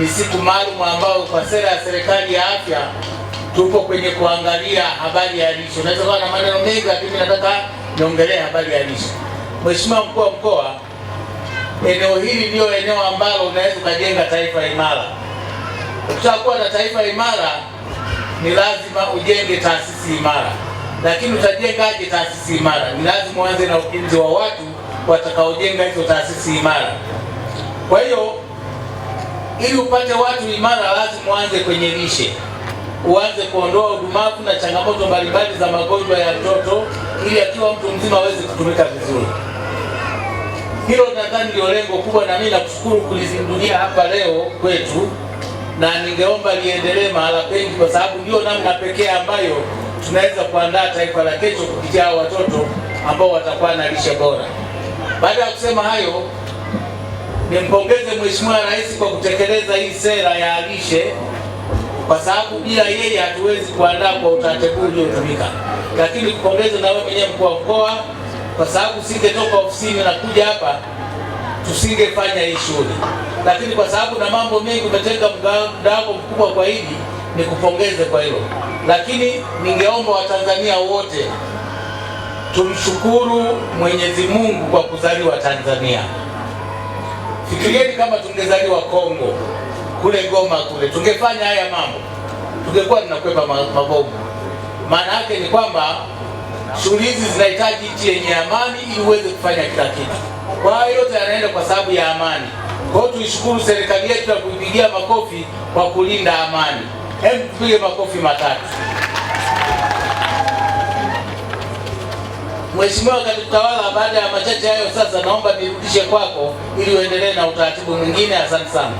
ni siku maalum ambayo kwa sera ya serikali ya afya tupo kwenye kuangalia habari ya lishe. Unaweza kuwa na maneno mengi, lakini nataka niongelee habari ya lishe. Mheshimiwa mkuu wa mkoa, eneo hili ndio eneo ambalo unaweza ukajenga taifa imara. Ukitaka kuwa na taifa imara, ni lazima ujenge taasisi imara. Lakini utajengaje taasisi imara? Ni lazima uanze na ukinzi wa watu watakaojenga hizo taasisi imara. Kwa hiyo ili upate watu imara, lazima uanze kwenye lishe, uanze kuondoa udumavu na changamoto mbalimbali za magonjwa ya mtoto, ili akiwa mtu mzima aweze kutumika vizuri. Hilo nadhani ndio lengo kubwa, na mimi nakushukuru kulizindulia hapa leo kwetu, na ningeomba liendelee mahala pengi, kwa sababu ndio namna pekee ambayo tunaweza kuandaa taifa la kesho kupitia watoto ambao watakuwa na lishe bora. Baada ya kusema hayo nimpongeze Mheshimiwa Rais kwa kutekeleza hii sera ya lishe, kwa sababu bila yeye hatuwezi kuandaa kwa utaratibu uliotumika. Lakini kupongeze na wewe mwenyewe mkuu wa mkoa, kwa sababu singetoka ofisini na kuja hapa tusingefanya hii shughuli, lakini kwa sababu na mambo mengi umetenga muda wako mkubwa kwa hili, nikupongeze kwa hilo. Lakini ningeomba Watanzania wote tumshukuru Mwenyezi Mungu kwa kuzaliwa Tanzania. Fikirieni kama tungezaliwa Kongo kule Goma kule, tungefanya haya mambo, tungekuwa tunakwepa mabomu. Maana yake ni kwamba shughuli hizi zinahitaji nchi yenye amani ili uweze kufanya kila kitu. Kwa hiyo yote yanaenda kwa sababu ya amani. Kwa hiyo tuishukuru serikali yetu na kuipigia makofi kwa kulinda amani. Hebu tupige makofi matatu. Mheshimiwa Katibu Tawala, baada ya machache hayo sasa naomba nirudishe kwako ili uendelee na utaratibu mwingine. Asante sana.